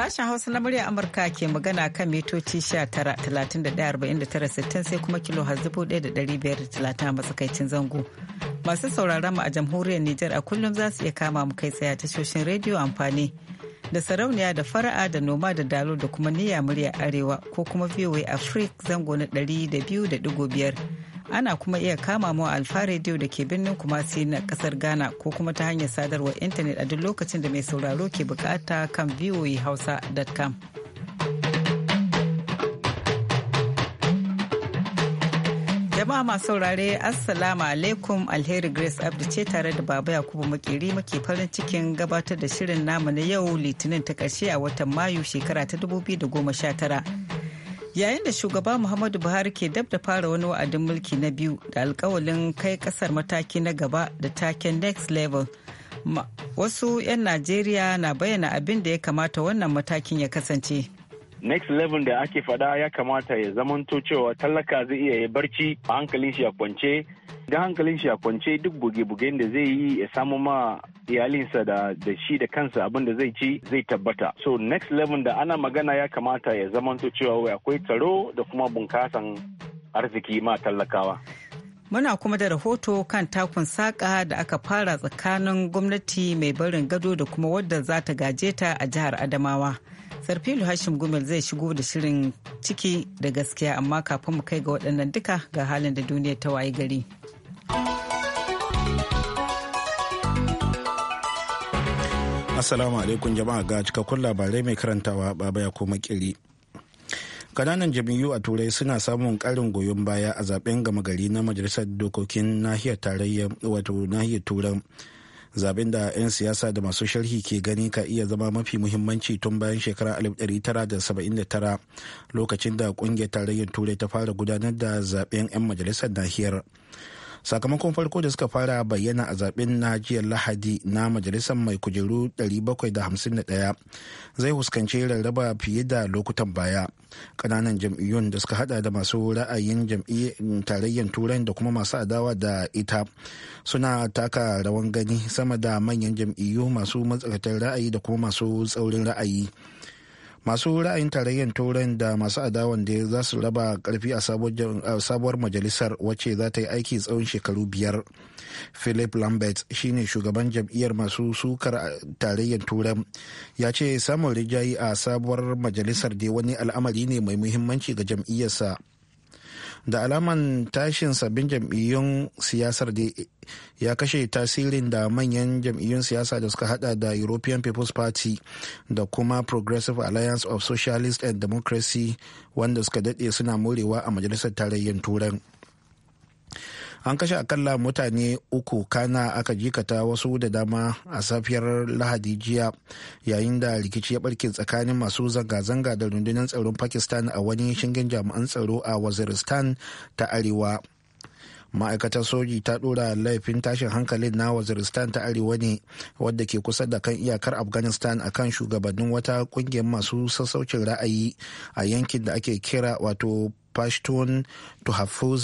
Sashen Hausa na murya Amurka ke magana kan mitoci 19,31,49,60 sai kuma kilo talatin a matsakaicin zango. Masu sauraron mu a jamhuriyar Nijar a kullum za su iya kama mu kai tsaye tashoshin rediyo amfani da sarauniya da fara'a da noma da dalo da kuma niyya murya arewa ko kuma VOA Africa zango na 200.5 ana kuma iya kama mu a alfa radio da ke birnin kumasi na kasar ghana ko kuma ta hanyar sadarwar intanet a duk lokacin da mai sauraro ke bukata kan voahausa.com jama'a masu saurare assalamu alaikum alheri grace abdu ce tare da baba yakubu makeri muke farin cikin gabatar da shirin namu na yau litinin ta karshe a watan mayu shekara ta 2019 yayin da shugaba muhammadu buhari ke dab da fara wani wa'adin mulki na biyu da alkawalin kai kasar mataki na gaba da taken next level wasu 'yan najeriya na bayyana abin da ya kamata wannan matakin ya kasance next level da ake fada ya kamata ya zamanto cewa talaka zai iya ya barci a hankalin shi a kwance ga hankalin shi a kwance duk buge-bugen da zai yi ya samu ma iyalinsa da shi da kansa abin da zai ci zai tabbata so next level da ana magana ya kamata ya zamanto cewa akwai tsaro da kuma bunkasan arziki ma talakawa Muna kuma da rahoto kan takun saƙa da aka fara tsakanin gwamnati mai barin gado da kuma wadda za ta gaje ta a jihar Adamawa. sarfilu hashim gumel zai shigo da shirin ciki da gaskiya amma kafin mu kai ga waɗannan duka ga halin da duniya ta wayi gari assalamu alaikum jama'a ga cikakkun labarai mai karantawa baba ya koma kiri kananan jam'iyyu a turai suna samun karin goyon baya a zaben gama gari na majalisar dokokin nahiyar tarayyar wato nahiyar turan zaben da 'yan siyasa da masu sharhi ke gani ka iya zama mafi muhimmanci tun bayan shekarar 1979 lokacin da kungiyar tarayyar turai ta fara gudanar da zaben 'yan majalisar nahiyar sakamakon farko da suka fara bayyana a zaben na jiya lahadi na majalisar mai kujeru 751 zai huskanci rarraba fiye da lokutan baya kananan jam'iyyun da suka hada da masu ra'ayin jam'iyyar tarayyar turai da kuma masu adawa da ita suna taka rawan gani sama da manyan jam'iyyu masu matsakaitar ra'ayi da kuma masu tsaurin ra'ayi masu ra'ayin tarayyar turai da masu adawan da za su raba karfi a sabuwar majalisar wacce za ta yi aiki tsawon shekaru biyar philip lambert shine shugaban jam'iyyar masu sukar tarayyar turai ya ce samun rijayi a sabuwar majalisar dai wani al'amari ne mai muhimmanci ga jam'iyyarsa da alaman tashin sabbin jam'iyyun siyasar da ya kashe tasirin da manyan jam'iyyun siyasa da suka hada da european people's party da kuma progressive alliance of socialist and democracy wanda suka dade suna morewa a majalisar tarayyar turai an kashe akalla mutane uku kana aka jikata wasu da dama a safiyar lahadi jiya yayin da rikici ya barke tsakanin masu zanga-zanga da rundunar tsaron pakistan a wani shingen jami'an tsaro a waziristan ta arewa ma'aikatar soji ta dora laifin tashin hankalin na waziristan ta arewa ne wadda ke kusa da kan iyakar afghanistan a kan shugabannin wata kungiyar masu sassaucin ra'ayi a yankin da ake kira wato pashtun to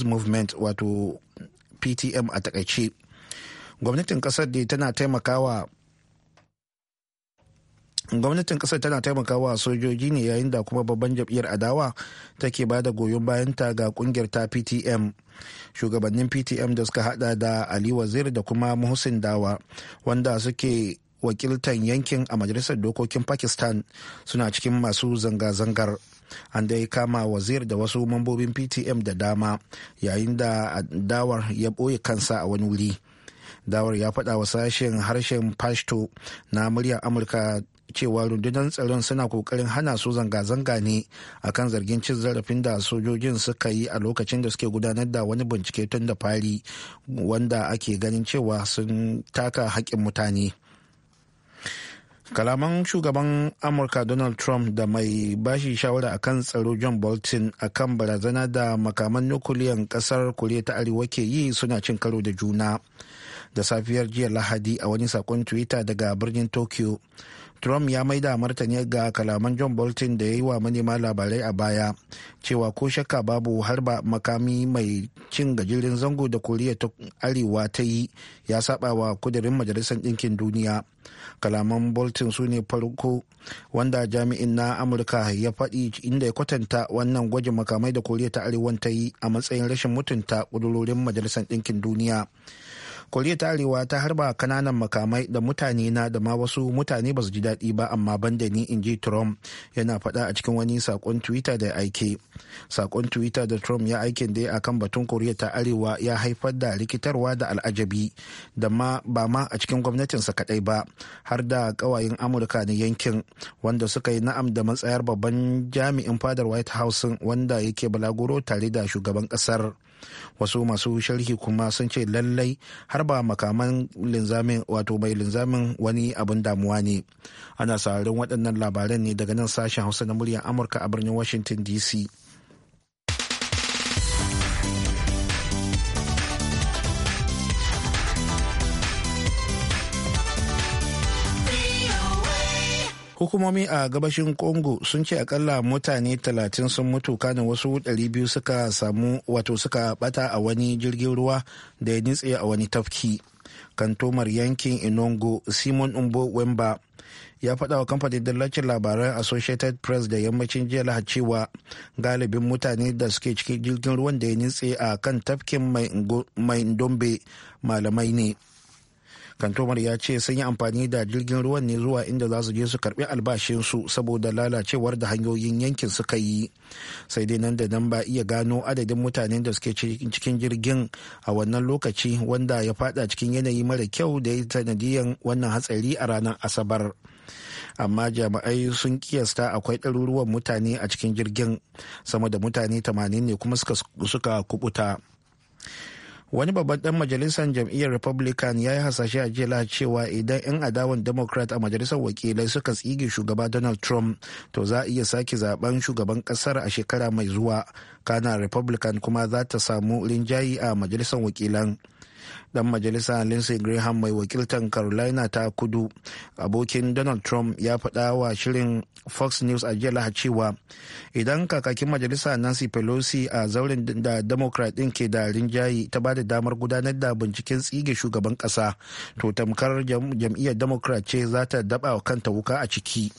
movement wato ptm a takaice gwamnatin kasar da tana taimakawa gwamnatin kasar tana taimakawa sojoji ne yayin da kuma babban jam'iyyar adawa take ba da goyon bayanta ga kungiyar ta ptm shugabannin ptm da suka hada da ali wazir da kuma muhsin dawa wanda suke wakiltan yankin a majalisar dokokin pakistan suna cikin masu zanga-zangar an dai kama wazir da wasu mambobin ptm da dama yayin da dawar ya ɓoye kansa a wani wuri dawar ya faɗa wa sashen harshen pashto na muryar amurka cewa rundunar tsaron suna kokarin hana su zanga-zanga ne akan zargin cin zarafin da sojojin suka yi a lokacin da suke gudanar da wani bincike tun da fari wanda ake ganin cewa sun taka haƙƙin mutane. kalaman shugaban amurka donald trump da mai bashi shawara akan tsaro john bolton akan barazana da makaman nukuliyan kasar koriya ta arewa ke yi suna cin karo da juna da safiyar jiya lahadi a wani sakon twitter daga birnin tokyo trump ya maida martani ga kalaman john bolton da ya yi wa manema labarai a baya cewa ko shakka babu harba makami mai cin gajirin zango da koriya ta arewa ta yi ya saba wa kudirin majalisar ɗinkin duniya kalaman bolton su ne farko wanda jami'in na amurka ya faɗi inda ya kwatanta wannan gwajin makamai da koriya ta arewa ta yi a matsayin rashin mutunta kudurorin majalisar ɗinkin duniya koriya ta arewa ta harba kananan makamai da mutane na da ma wasu mutane ba su ji daɗi ba amma ban da ni in ji trump yana faɗa a cikin wani sakon twitter da ya aike sakon twitter da trump ya aiki da a kan batun koriya ta arewa ya haifar da rikitarwa da al'ajabi da ma ba ma a cikin gwamnatinsa kaɗai ba har da ƙawayen amurka na yankin wanda suka yi na'am da matsayar babban jami'in fadar white house wanda yake balaguro tare da shugaban ƙasar wasu masu sharhi kuma sun ce lallai har ba makaman linzamin wato mai linzamin wani abin damuwa ne ana sauraron waɗannan labaran ne daga nan sashen hausa na muryar amurka a birnin washington dc hukumomi a gabashin congo sun ce akalla mutane 30 sun mutu kanin wasu 200 suka samu wato suka bata a wani jirgin ruwa da ya nitse a wani tafki kantomar yankin inongo simon umbo wemba ya faɗa wa kamfanin dallacin labaran associated press da yammacin jiya lahar cewa galibin mutane da suke cikin jirgin ruwan da ya nitse a kan tafkin mai ndombe malamai ne kantomar ya ce sun yi amfani da jirgin ruwan ne zuwa inda za su je su karbi albashinsu saboda lalacewar da hanyoyin yankin suka yi sai dai nan da nan ba iya gano adadin mutanen da suke cikin jirgin a wannan lokaci wanda ya fada cikin yanayi mara kyau da ya sanadiyan wannan hatsari a ranar asabar amma jami'ai sun kiyasta akwai ɗaruruwan mutane a cikin jirgin sama da mutane 80 ne kuma suka kubuta wani babban dan majalisar jam'iyyar republican ya yi hasashe a jiya cewa idan 'yan adawan democrat a majalisar wakilai suka tsige shugaba donald trump to za a iya sake zaben shugaban kasar a shekara mai zuwa kana republican kuma za ta samu rinjayi a majalisar wakilan dan majalisa lindsey graham mai wakiltar carolina ta kudu abokin donald trump ya faɗa wa shirin fox news a jiya lahar cewa idan kakakin majalisa nancy pelosi a zauren da democrat ɗin ke da rinjaye ta ba da damar gudanar da binciken tsige shugaban ƙasa to tamkar jam'iyyar democrat ce za ta daɓa kanta wuka a ciki.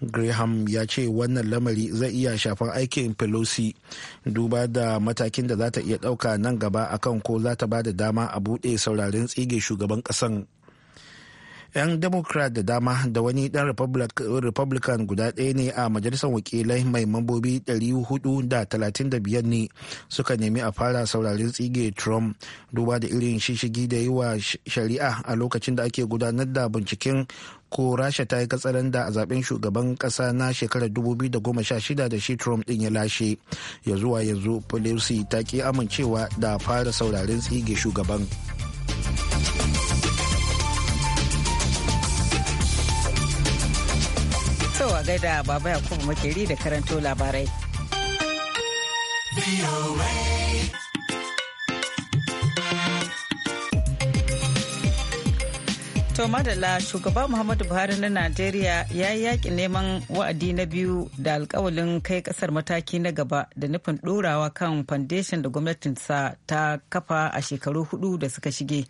graham ya ce wannan lamari zai iya shafan aikin pelosi duba da matakin da za ta iya ɗauka nan gaba akan ko za ta ba da dama a buɗe sauraren tsige shugaban ƙasan 'yan democrat da dama da wani dan republican guda ɗaya ne a majalisar wakilai mai mambobi 435 ne suka nemi a fara saurarin tsige trump duba da irin shishigi da yi wa shari'a a lokacin da ake gudanar da binciken ko rasha ta yi katsalan da a zaben shugaban kasa na shekarar 2016 da shi trump din ya lashe ya zuwa yanzu pelosi ta ki amincewa da fara saurarin tsige shugaban. a gaida baba yakubu makeri da karanto labarai. to madalla shugaba muhammadu buhari na najeriya ya yi yakin neman wa'adi na biyu da alkawalin kai kasar mataki na gaba da nufin dorawa kan foundation da gwamnatinsa ta kafa a shekaru hudu da suka shige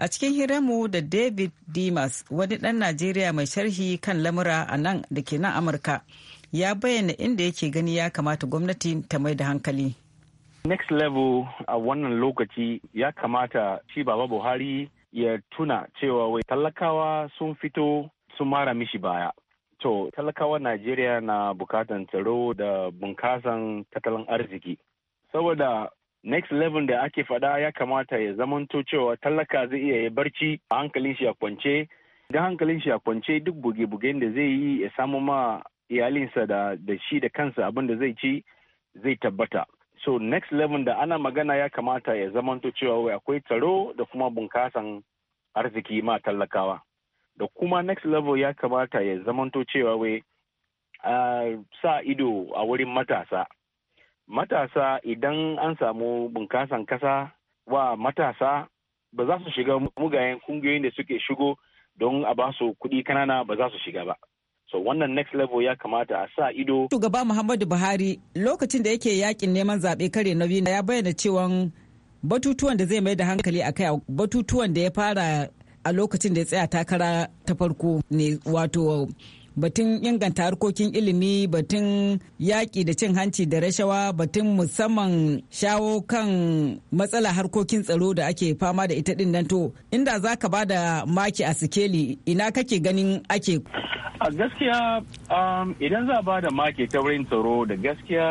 A cikin hiranmu da David Dimas, wani dan Najeriya mai sharhi kan lamura a nan da ke nan Amurka, ya bayyana inda yake gani ya kamata gwamnati ta mai da hankali. Next level a wannan lokaci ya kamata shi Baba Buhari ya tuna cewa wai talakawa sun fito sun mara mishi baya. To, talakawa Najeriya na bukatan tsaro da bunkasan tattalin arziki. Saboda next level da ake faɗa ya kamata ya zamanto cewa tallaka zai iya ya barci a hankalin shi a kwance da hankalin shi a kwance duk buge-bugen da zai yi ya samu ma iyalinsa da da shi da kansa abin da zai ci zai tabbata so next level da ana magana ya kamata ya zamanto cewa wai akwai tsaro da kuma bunkasan arziki ma tallakawa da kuma next level ya kamata ya zamanto cewa wai sa ido a wurin matasa matasa idan an samu bunkasan kasa wa matasa ba za su shiga mugayen kungiyoyin da suke shigo don a ba su kuɗi kanana ba za su shiga ba. So wannan next level ya kamata a sa ido. Shugaba Muhammadu Buhari lokacin da yake yakin neman zaɓe kare na biyu ya bayyana cewa batutuwan da zai mai da hankali a kai batutuwan da ya fara a lokacin da ya tsaya takara ta farko ne wato batun inganta harkokin ilimi batun yaƙi da cin hanci da rashawa batun musamman shawo kan matsala harkokin tsaro da ake fama da ita din to inda za ka ba da maki a sikeli ina kake ganin ake a gaskiya um, idan za ba da maki ta wurin tsaro da gaskiya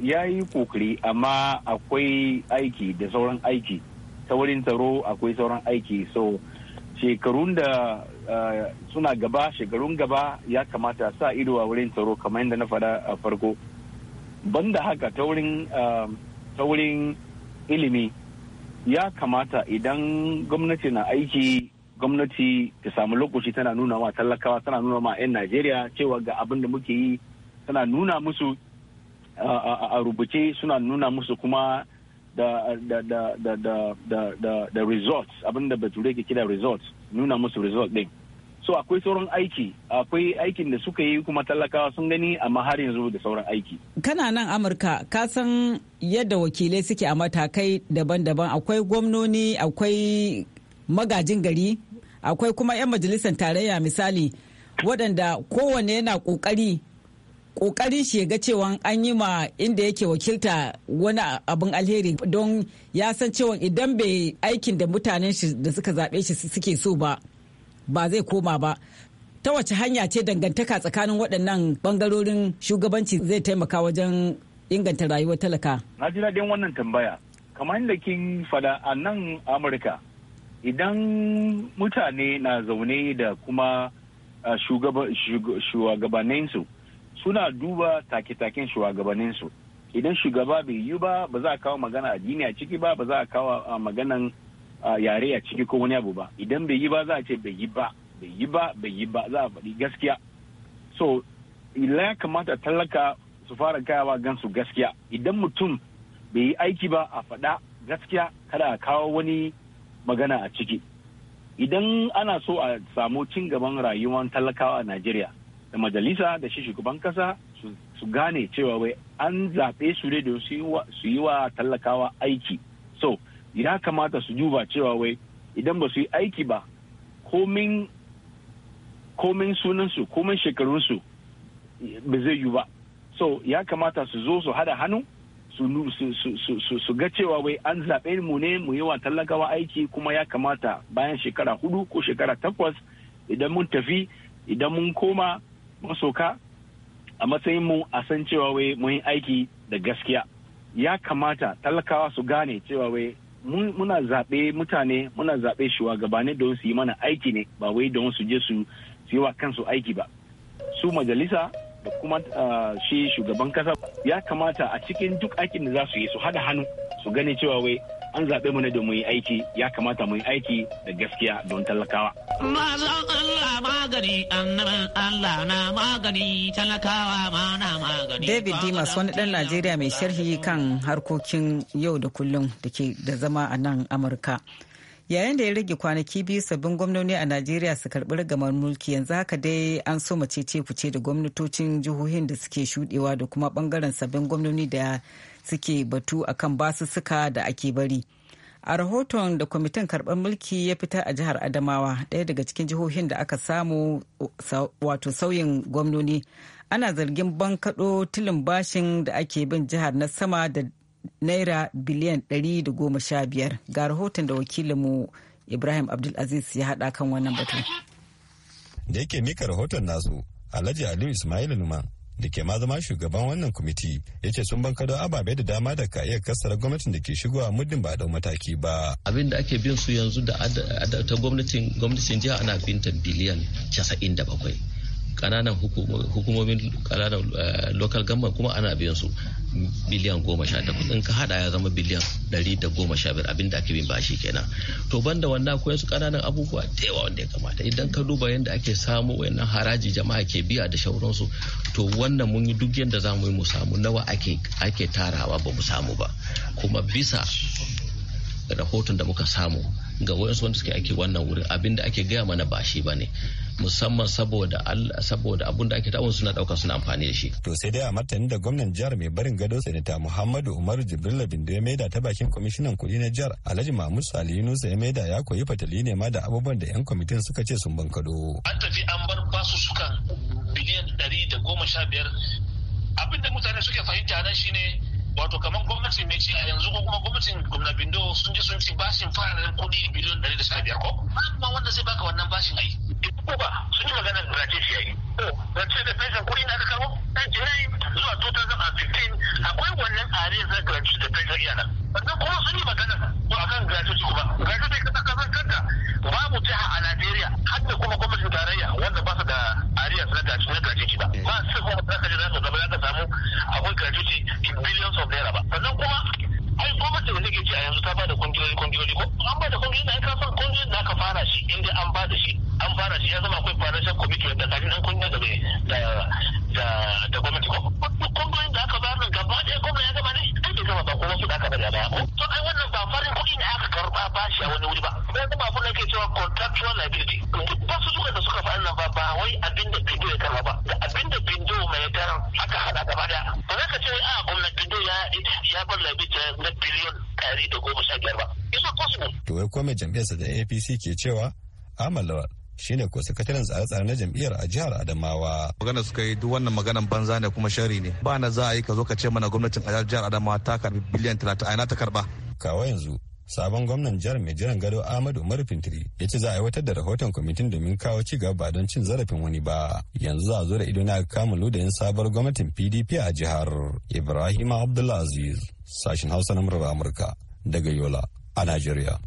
ya yi kokari amma akwai aiki da sauran aiki ta wurin tsaro akwai sauran aiki so shekarun da eh, suna gaba shekarun gaba ya kamata sa ido a wurin tsaro kamar yadda na faɗa a farko banda haka eh, ta wurin ilimi ya kamata idan gwamnati na aiki gwamnati ta samu lokaci tana nuna wa talakawa tana nuna ma 'yan najeriya cewa ga abin da muke yi tana nuna musu eh, a rubuce suna nuna musu kuma da da da da da da da, da results abinda bature ke kira results nuna musu result din so akwai sauran aiki akwai aikin da suka yi kuma talakawa sun gani amma har yanzu da sauran aiki kana nan amurka ka san yadda wakilai suke a matakai daban-daban akwai gwamnoni akwai magajin gari akwai kuma 'yan majalisar tarayya misali waɗanda kowane yana ƙoƙari kokarin shi ya ga cewa an yi ma inda yake wakilta wani abun alheri don ya san cewa idan bai aikin da mutanen shi da suka zaɓe shi suke so ba ba zai koma ba ta wace hanya ce dangantaka tsakanin waɗannan bangarorin shugabanci zai taimaka wajen inganta rayuwar talaka na ji daɗin wannan tambaya kamar da kin fada a nan amurka idan mutane na zaune da kuma shugabanninsu suna duba take-taken shugabanninsu idan shugaba bai yi ba ba za a kawo magana addini a ciki ba ba za a kawo maganan yare a ciki ko wani abu ba idan bai yi ba za a ce bai yi ba bai yi ba bai yi ba za a faɗi gaskiya so ya kamata talaka su fara kayawa gansu gaskiya idan mutum bai yi aiki ba a faɗa gaskiya kada a kawo wani magana a ciki idan ana so a samu cin gaban rayuwar talakawa a najeriya da majalisa da shi shugaban kasa su gane cewa wai an zaɓe su ne don su yi wa tallakawa aiki so ya kamata su duba cewa wai idan ba su yi aiki ba komin sunansu komin shekarunsu ba zai yi ba so ya kamata su zo su hada hannu su ga cewa wai an zaɓe mu ne mu yi wa tallakawa aiki kuma ya kamata bayan shekara hudu ko shekara takwas idan mun tafi idan mun koma masoka a matsayin mu a san cewa wai mun aiki da gaskiya ya kamata talakawa su gane cewa wai muna zaɓe mutane muna zaɓe shugabanni don su yi mana aiki ne ba wai don su je su yi wa kansu aiki ba su majalisa da kuma shi shugaban kasa ya kamata a cikin duk aikin da za su yi su haɗa hannu su gane cewa wai an zaɓe mu ne da mu yi aiki ya kamata mu yi aiki da gaskiya don talakawa. magani, Allah na magani, talakawa ma na magani. David Dimas wani ɗan Najeriya mai sharhi kan harkokin yau da kullum da ke da zama a nan Amurka. Yayin da ya rage kwanaki biyu sabbin gwamnoni a Najeriya su karɓi rigamar mulki yanzu haka dai an so mace ce fice da gwamnatocin jihohin da suke shudewa da kuma bangaren sabbin gwamnoni da suke batu akan basussuka da ake bari. a rahoton da kwamitin karɓar mulki ya fita a jihar adamawa ɗaya daga cikin jihohin da aka samu wato sauyin gwamnoni ana zargin bankaɗo tilin bashin da ake bin jihar na sama da naira biliyan 115 ga rahoton da wakilinmu ibrahim abdulaziz ya haɗa kan wannan batu da yake mika rahoton nasu alhaji aliyu ismail numan da ke ma zama shugaban wannan kwamiti ya ce sun bankado ababe da dama da ka iya kassara gwamnatin da ke shigowa muddin ba dau mataki ba. Abin da ake bin su yanzu da ta gwamnatin gwamnatin jiha ana biliyan casa'in da bakwai. kananan hukumomin kananan eh, local government kuma ana biyan su biliyan goma sha takwas in ka hada ya zama biliyan dari da goma sha biyar abinda ake bin bashi kenan to banda wannan akwai su kananan abubuwa da yawa wanda ya kamata idan ka duba yadda ake samu wayannan haraji jama'a ke biya da shauransu to wannan mun yi duk yadda za mu yi mu samu nawa ake ake tarawa ba mu samu ba kuma bisa rahoton da muka samu ga wayansu wanda suke aiki wannan wurin abinda ake gaya mana ba shi bane musamman saboda saboda abun da ake ta'awun suna dauka suna amfani da shi to sai dai a martani da gwamnan jihar mai barin gado sanita Muhammadu Umar Jibril da ya maida ta bakin kwamishinan kudi na jihar Alhaji Mahmud Sali Yunus ya maida ya koyi fatali ne ma da abubuwan da yan kwamitin suka ce sun bankado an tafi an bar basu sukan biliyan ɗari da goma sha biyar da mutane suke fahimta nan ne. wato kamar gwamnati mai ci a yanzu ko kuma gwamnatin gwamna bindo sun ji sun ci bashin da kuɗi biliyon ɗari da sha biyar ko amma wanda zai baka wannan bashin ai ko ba sun yi magana da race shi ai ko race da pension kudi na ka kawo jira yi zuwa 2015 akwai wannan are zai race da pension iya Wannan kuma sun yi magana ba a kan gratuity ba gratuity ka kasar kanta babu jiha a Najeriya har kuma gwamnatin tarayya wanda ba su da arias na gratuity na gratuity ba ba su kuma za ka ji za su zama za ka samu abin gratuity billions of naira ba sannan kuma ai gwamnatin da ke ci a yanzu ta ba da kungiyoyi kungiyoyi ko an ba da kungiyoyi da ka san kungiyoyi da aka fara shi inda an ba da shi an fara shi ya zama akwai financial committee wanda kafin an kungiya da mai da da da gwamnati ko kungiyoyi da aka bayar da gaba ɗaya gwamnati ya gama ne ai bai gama ba kuma su da aka bari a baya ko to ai wannan ba cewa contractual liability duk wasu suka da suka faɗa nan ba ba wai abin da bindo ya karba ba da abin da bindo mai daren aka hada gaba da ba za ka ce a ah, gwamnati bindo ya ya bar liability na biliyon ɗari da goma sha biyar ba isa possible. to wai kome jam'iyyarsa da apc ke cewa amalawa shine ko sakataren tsare-tsare na jam'iyyar a jihar Adamawa. Magana suka yi duk wannan maganan banza ne kuma shari ne. Ba na za a yi ka zo ka ce mana gwamnatin a jihar Adamawa ta karbi biliyan 30 a ina ta karba. Kawai yanzu sabon gwamnan jihar mai jiran gado ahmadu umar fintiri ya ce za a aiwatar da rahoton kwamitin domin kawo ci gaba ba don cin zarafin wani ba yanzu za a zo da ido na kamun ludayin sabar gwamnatin pdp a jihar ibrahim abdulaziz sashen hausa na murar amurka daga yola a najeriya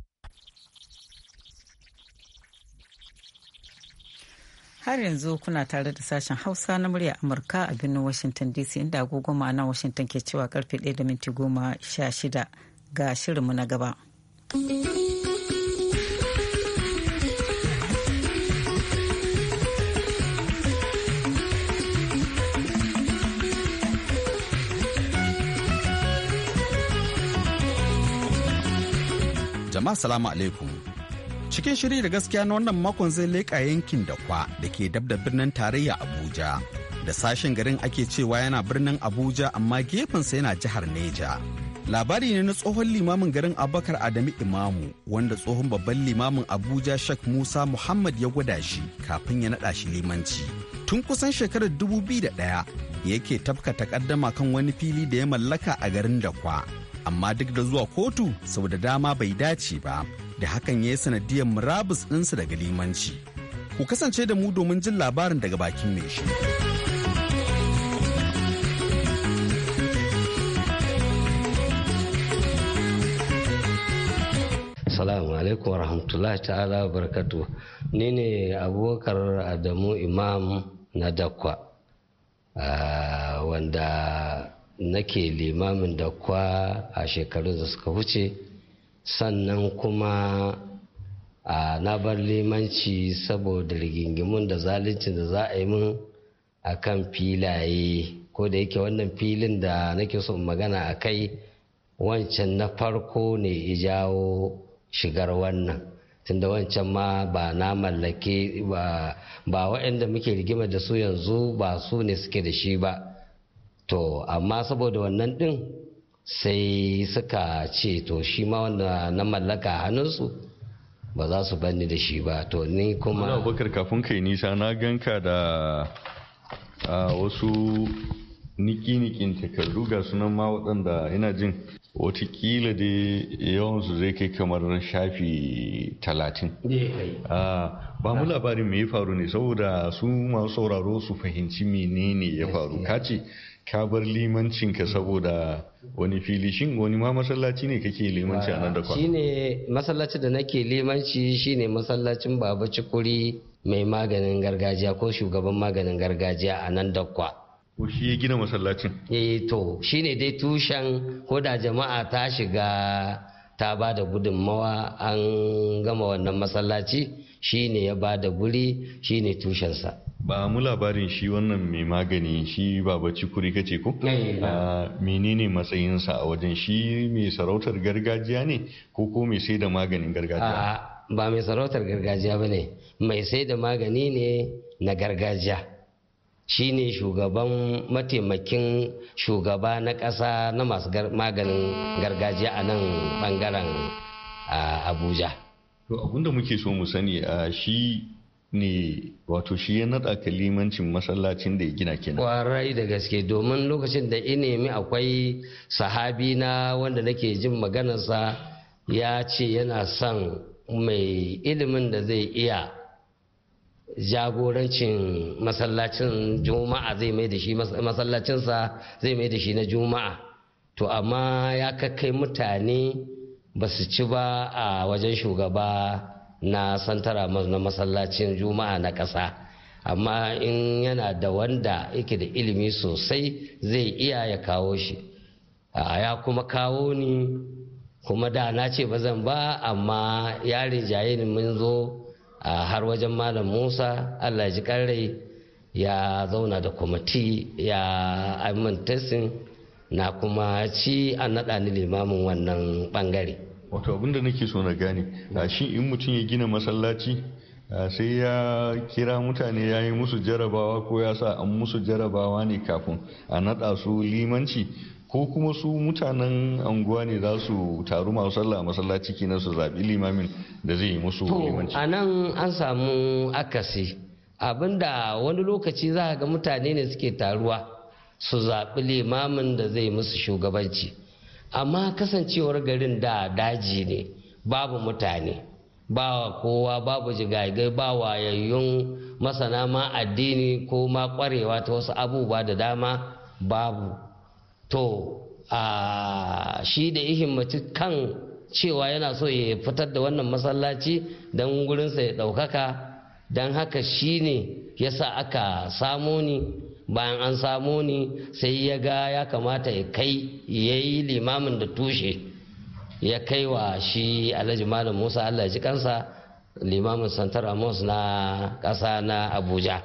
har yanzu kuna tare da sashen hausa na murya amurka a birnin washington dc inda agogo ma'ana washington ke cewa karfe 1 da minti goma sha shida ga shirinmu na gaba. jama'a salamu alaikum cikin shiri da gaskiya na wannan makon zai leƙa yankin da kwa da ke dab da birnin tarayya abuja da sashen garin ake cewa yana birnin abuja amma gefensa yana jihar neja labari ne na tsohon limamin garin abakar adamu imamu wanda tsohon babban limamin abuja Sheikh musa muhammad ya gwada shi kafin ya naɗa shi limanci tun kusan shekarar dubu biyu da ɗaya yake tafka takaddama kan wani fili da ya mallaka a garin dakwa amma duk da zuwa kotu sau da dama bai dace ba da hakan ya yi sanadiyar murabus ɗinsa daga limanci ku kasance da mu domin jin labarin daga bakin mai shi. Assalamu alaikum warahmatullahi ta'ala barkatu. Ni ne abokar Adamu Imam na Dakwa, ah, wanda nake limamin Dakwa a shekarun da suka wuce, sannan kuma ah, na bar limanci saboda rigingimun da zalincin da za a yi mun a kan filaye, ko da yake wannan filin da nake son magana a kai. wancan na farko ne ya jawo shigar wannan tunda wancan ma ba na mallake ba waɗanda muke rigima da su yanzu ba su ne suke da shi ba to amma saboda wannan ɗin sai suka ce to shi ma wanda na mallaka hannunsu ba za su banni da shi ba to ni kuma abubakar kafin kai nisa na ganka da ah, wasu niki-nikin takardu ga sunan ma waɗanda yana jin watakila da yawansu zai kai kamar shafi talatin eh, ah, ba mu labarin mai faru ne saboda su masu sauraro su fahimci menene ya faru kace ka bar limancinka saboda wani fili shin wani ma masallaci ne kake limanci a nan da kwana shine masallaci da nake limanci shine masallacin baba cikuri mai maganin gargajiya ko shugaban maganin gargajiya a nan da kwa ko shi ya gina masallacin eh to shine dai tushen koda jama'a ta shiga ta ba da gudunmawa an gama wannan masallaci shine ya ba da guri shine tushensa ba mu labarin shi wannan mai magani shi baba cikuri kace ko eh, eh, menene matsayinsa a wajen shi mai sarautar gargajiya ne ko ko mai sai da maganin gargajiya ba mai sarautar gargajiya ba ne mai sai da magani ne na gargajiya shine shugaban mataimakin shugaba na ƙasa na masu maganin gargajiya a nan bangaren abuja to abinda muke so mu sani a shi ne wato shi ya naɗa kalimancin masallacin da ya gina kenan kwarai da gaske domin lokacin da inemi akwai sahabi na wanda nake jin maganarsa ya ce yana son mai ilimin da zai iya jagorancin masallacin juma'a zai mai da shi masallacinsa zai mai da shi na juma'a to amma ya kakkai mutane ba su ci ba a wajen shugaba na santara na masallacin juma'a na ƙasa amma in yana da wanda yake da ilimi sosai zai iya ya kawo shi ya kuma kawo ni kuma da na ce ba zan ba amma ya rinjaye ni mun zo a har wajen malam musa allah ji karai ya zauna da kwamiti ya aiman testing na kuma ci a naɗa ni limamin wannan bangare wato abinda nake so na gane shi in mutum ya gina masallaci sai ya kira mutane ya yi musu jarabawa ko ya sa an musu jarabawa ne kafin a naɗa su limanci ko kuma su mutanen anguwa ne za su taru masu sallah masallaci kenan su zaɓi limamin da zai yi musu limanci. a nan an samu akasi abinda wani lokaci za ga mutane ne suke taruwa su zaɓi limamin da zai musu shugabanci amma kasancewar garin da daji ne babu mutane ba kowa babu jigagai ba wayayyun masana ma addini ko ma kwarewa ta wasu abubuwa da dama babu to a shi da ya himmaci kan cewa yana so ya fitar da wannan masallaci don gurinsa ya ɗaukaka don haka shi ne ya sa aka samu ni bayan an samo ni sai ya ga ya kamata ya kai ya yi limamin da tushe ya kai wa shi alhaji malam musa allah ji kansa limamin santar amos na ƙasa na abuja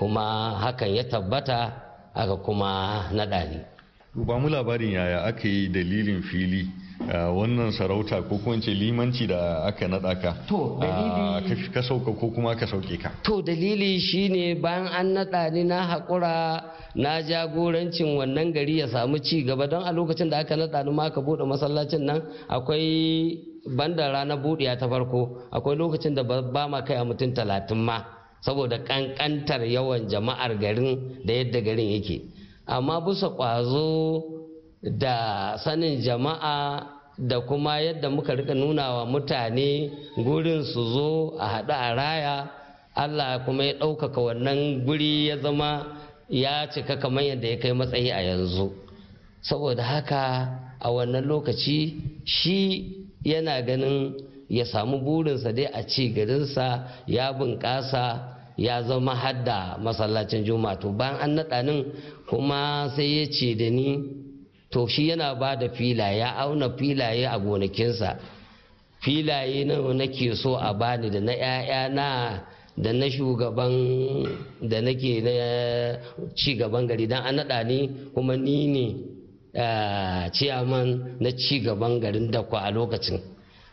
kuma hakan ya tabbata aka kuma naɗa ɗari. ba mu labarin yaya aka yi dalilin fili wannan sarauta ko kuma limanci da aka naɗa ka to dalili ka sauka ko kuma ka sauke ka to dalili shine bayan an naɗa ni na haƙura na jagorancin wannan gari ya samu ci gaba don a lokacin da aka naɗa ni ma ka buɗe masallacin nan akwai banda ranar buɗiya ta farko akwai lokacin da ba ma kai a mutum talatin ma saboda ƙanƙantar yawan jama'ar garin da yadda garin yake amma bisa kwazo da sanin jama'a da kuma yadda muka rika nuna wa mutane gurin su zo a haɗu a raya allah kuma ya ɗaukaka wannan guri ya zama ya cika kamar yadda ya kai matsayi a yanzu saboda haka a wannan lokaci shi yana ganin ya samu burinsa dai a ci garinsa ya bunƙasa ya zama hadda masallacin juma'a to bayan an naɗa nin kuma sai ya ce da ni to shi yana ba da filaye ya auna filaye a gonakinsa filaye nawa nake so a bani da na 'ya'yana da na shugaban da nake na ci gaban gari don an naɗa ni kuma ni ne ciyaman na ci gaban garin dakwa a lokacin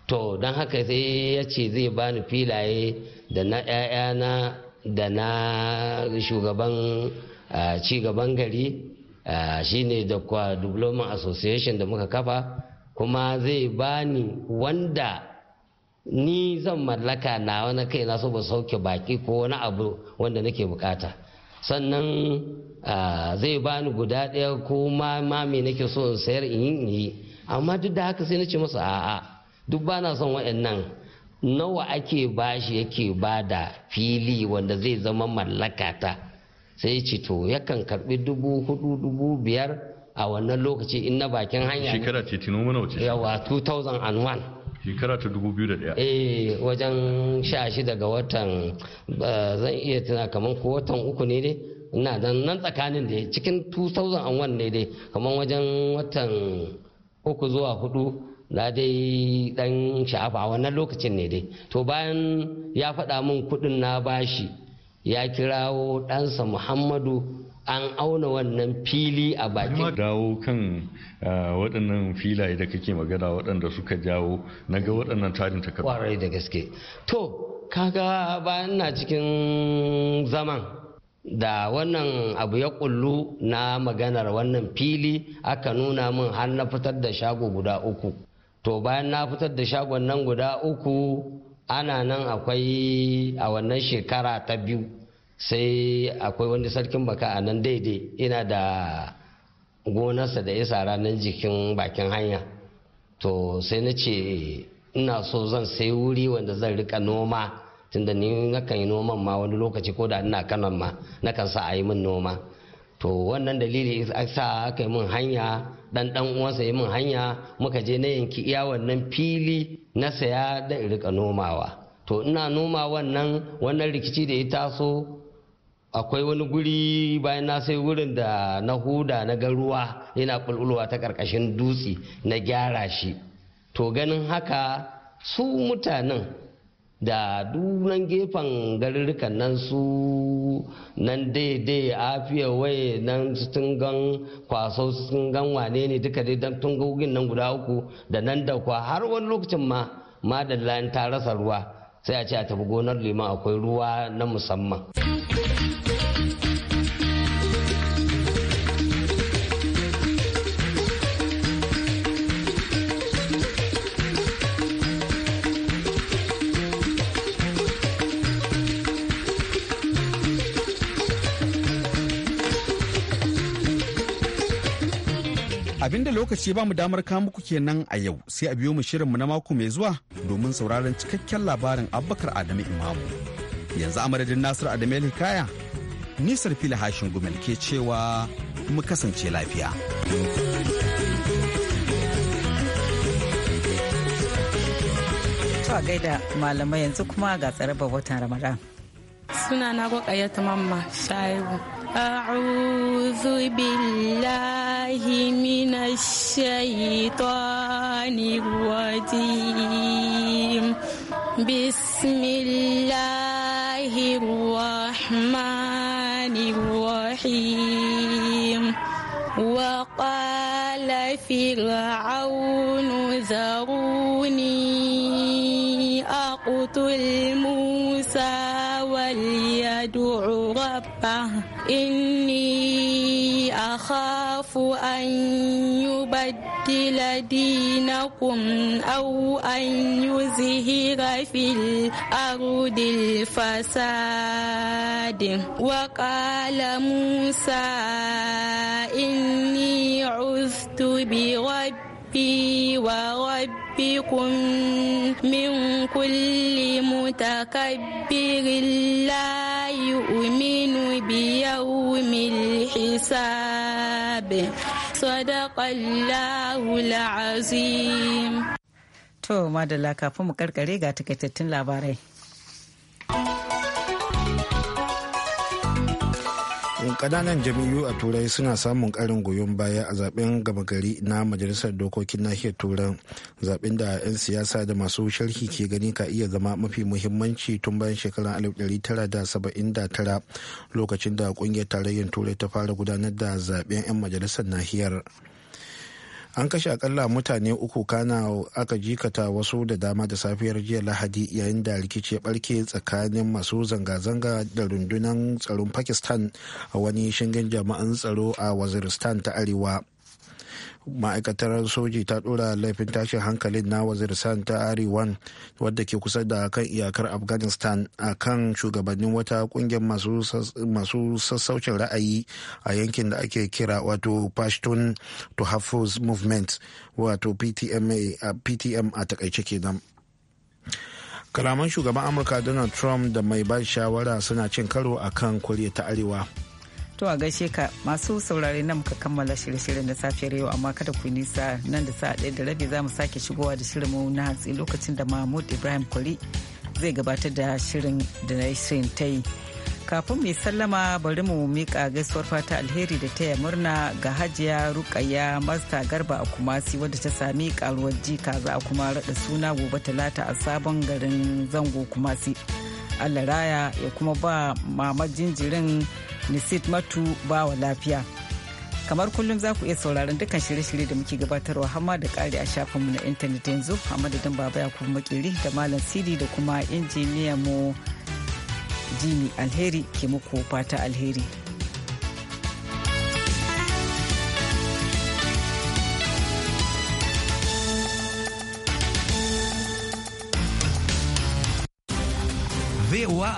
to don haka sai ya ce zai bani filaye da na 'ya'yana da na shugaban ci gaban gari shi ne da kwa diploma association da muka kafa kuma zai bani wanda ni zan mallaka na wani kai na saboda ba sauke baki ko wani abu wanda nake bukata sannan zai bani guda ɗaya ko ma me nake so in sayar in yi amma duk da haka sai na ce masa a'a duk ba na son waɗannan nawa ake bashi yake bada fili wanda zai zama mallaka ta sai ya ce to yakan karbi dubu hudu dubu biyar a wannan lokaci in na bakin hanya shekara ce tino mana wace yawa 2001 shekara ta dubu biyu daya eh wajen sha shi daga watan zan iya tuna kamar ko watan uku ne dai ina dan nan tsakanin da cikin 2001 ne dai kamar wajen watan uku zuwa hudu na dai dan sha'afa wannan lokacin ne dai to bayan ya faɗa min kuɗin na bashi ya kirawo ɗansa muhammadu an auna wannan fili a bakin dawo kan ah, waɗannan filaye da kake magana waɗanda suka jawo na ga waɗannan tarin takardu kwarai da gaske to kaga bayan na cikin zaman da wannan abu ya kullu na maganar wannan fili aka nuna min har na fitar da shago guda uku to bayan na fitar da shagon nan guda uku ana nan akwai a wannan shekara ta biyu sai akwai wani sarkin baka a nan daidai ina da gonarsa da isa ranar jikin bakin hanya to sai na ce ina so zan sai wuri wanda zan rika noma tunda ni nakan yi noman ma wani lokaci ko da ina kanan ma nakan sa a yi min noma to wannan dalili sa aka yi min hanya dan dan uwansa yi min hanya muka je na yanki iya wannan fili na saya da rika nomawa to ina noma wannan wannan rikici da ya taso akwai wani guri bayan na sai wurin da na huda na ga ruwa yana bulbulwa ta karkashin dutse na gyara shi to ganin haka su mutanen da dunan gefen garurrukan nan su nan daidai afiya waye nan sun gan kwaso sun gan wane ne duka dai don tungogin nan guda uku da nan da kwa har wani lokacin ma madalla ta rasa ruwa sai a ce a tafi gonar liman akwai ruwa na musamman. Abinda lokaci ba mu damar kawo muku kenan a yau sai a biyo mu shirinmu na mako mai zuwa domin sauraron cikakken labarin Abubakar Adamu Imamu. Yanzu a madadin Nasir Adamu Hikaya, nisar fili hashin gumel ke cewa mu kasance lafiya. Zuwa gaida malamai yanzu kuma ga tsarabar watan Ramadan. suna na gwakayata mamma shaibu أعوذ بالله من الشيطان الرجيم بسم الله الرحمن الرحيم وقال فرعون ذروني أقتل موسى فليدع ربه إني أخاف أن يبدل دينكم أو أن يزهر في الأرض الفساد وقال موسى إني عذت بربي وربكم من كل متكبر كافر لا يؤمن بيوم الحساب صدق الله العظيم kafin mu karkare ga takaitattun labarai kananan jam'iyyu a turai suna samun karin goyon baya a zaben gama gari na majalisar dokokin nahiyar turan zaben da 'yan siyasa da masu sharhi ke gani ka iya zama mafi muhimmanci tun bayan shekarar 1979 lokacin da kungiyar tarayyar turai ta fara gudanar da zaben 'yan majalisar nahiyar an kashe akalla mutane uku kana aka jikata wasu da dama da safiyar jiya lahadi yayin da rikici ya barke tsakanin masu zanga-zanga da rundunan tsaron pakistan a wani shingen jama'an tsaro a waziristan ta arewa ma'aikatar soji ta dora laifin tashin hankalin na san ta arewan wadda ke kusa da kan iyakar afghanistan a kan shugabannin wata kungiyar masu sassaucin ra'ayi a yankin da ake kira wato pashtun to hafiz movement wato ptm a takaice kenan kalaman shugaban amurka donald trump da mai ban shawara suna cin karo a kan koriya ta arewa To a gaishe ka masu saurare nan muka kammala shirye-shiryen da safiyar yau amma kada ku nisa nan da sa'a ɗaya da rabi za mu sake shigowa da shirin mu na hatsi lokacin da Mahmud Ibrahim kuri zai gabatar da shirin da na shirin ta yi. Kafin mai sallama bari mu miƙa gaisuwar fata alheri da taya murna ga hajiya rukayya masta garba a kumasi wadda ta sami karuwar jika za a kuma raɗa suna gobe talata a sabon garin zango kumasi. Allah raya ya kuma ba mama jinjirin nisit matu bawa lafiya kamar kullum za ku iya sauraron dukkan shirye-shirye da muke gabatarwa hamma da kare a shafinmu na intanet yanzu a madadin baba ya kuma makeri da malam sidi da kuma injiniyan mu jimi alheri ke muku fata alheri